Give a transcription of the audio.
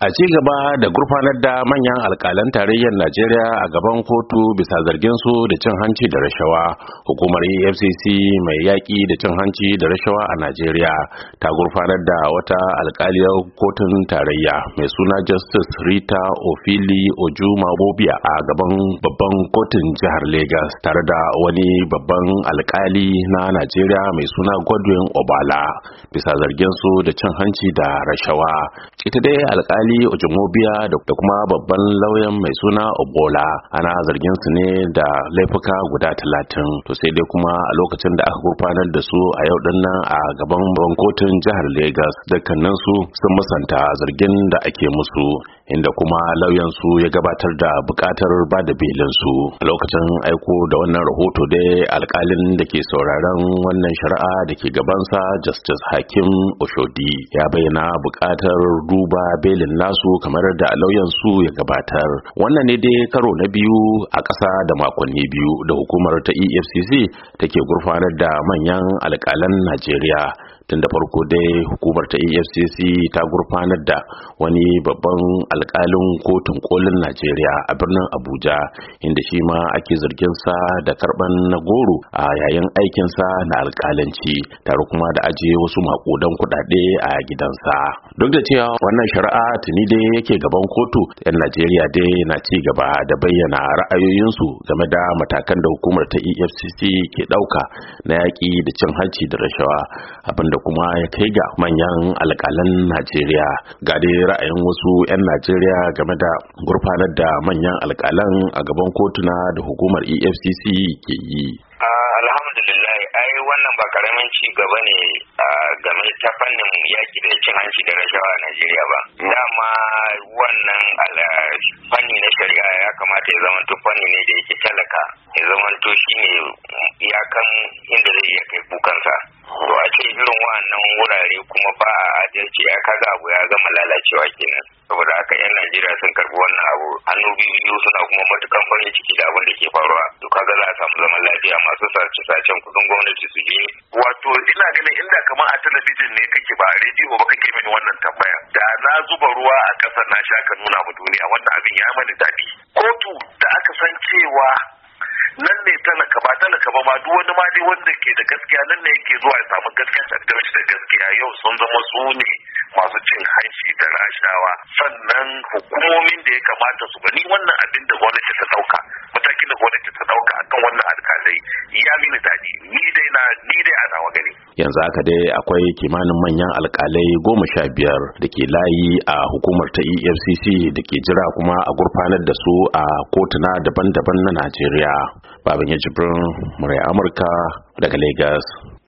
a ci gaba da gurfanar da manyan alkalan tarayyar najeriya a gaban kotu bisa zargin su da cin hanci da rashawa hukumar efcc mai yaƙi da cin hanci da rashawa a najeriya ta gurfanar da wata alkaliyar kotun tarayya mai suna justice rita ofili ojumabobia a gaban babban kotun jihar lagos tare da wani babban alkali na najeriya mai suna godwin obala bisa zargin su da cin hanci da rashawa ita dai alkali ali ojumobiya da kuma babban lauyan mai suna obola ana zargin su ne da laifuka guda talatin to sai dai kuma a lokacin da aka gurfanar da su a yau din nan a gaban babban kotun jihar lagos dukkanin su sun musanta zargin da ake musu inda kuma lauyan su ya gabatar da bukatar ba da belin su a lokacin aiko da wannan rahoto dai alkalin da ke sauraron wannan shari'a da ke gabansa justice hakim oshodi ya bayyana bukatar duba belin nasu kamar da lauyan su ya gabatar wannan ne dai karo na biyu a ƙasa da makonni biyu da hukumar ta efcc take gurfanar da manyan alƙalan najeriya tun da farko dai hukumar ta efcc ta gurfanar da wani babban alkalin kotun kolin najeriya a birnin abuja inda shi ma ake zarginsa da karban na goro a yayin aikinsa na alkalanci tare kuma da ajiye wasu makudan kuɗaɗe a gidansa duk da cewa wannan shari'a tuni dai yake gaban kotu yan najeriya dai na ci gaba da bayyana ra'ayoyinsu game da matakan da hukumar ta efcc ke ɗauka na yaƙi da cin hanci da rashawa abinda kuma ya kai ga manyan alƙalan najeriya ga dai ra'ayin wasu 'yan najeriya game da gurfanar da manyan alƙalan a gaban kotuna da hukumar efcc ke yi alhamdulillah ai wannan ba karamin ci gaba ne game ta fannin yaki da cin hanci da rashawa a najeriya ba dama wannan fanni na shari'a ya kamata ya zamanto fanni ne da yake talaka ya zamanto ne iyakan inda zai iya kai kukansa to a ce irin wa'annan wurare kuma ba a adalci a kaga abu ya gama lalacewa kenan saboda haka yan najeriya sun karbi wannan abu hannu biyu suna kuma matukan farin ciki da abin da ke faruwa to kaga za a samu zaman lafiya masu sace sacen kudin gwamnati su yi wato ina ganin inda kamar a talabijin ne kake ba a rediyo ba kake mini wannan tambaya da na zuba ruwa a ƙasa na sha ka nuna mu duniya wannan abin ya mani daɗi kotu da aka san cewa ba ma duk wani ma dai wanda ke da gaskiya nan ne yake zuwa ya samu gaskiya a da gaskiya yau sun zama su ne masu cin hanci da rashawa sannan hukumomin da ya kamata su gani wannan abin da gwamnati ta dauka matakin da gwamnati ta dauka akan wannan yanzu haka dai akwai kimanin manyan alkalai goma sha biyar da ke layi a hukumar ta efcc da ke jira kuma a gurfanar da su a kotuna daban-daban na najeriya babin ya jibrin murai amurka daga lagos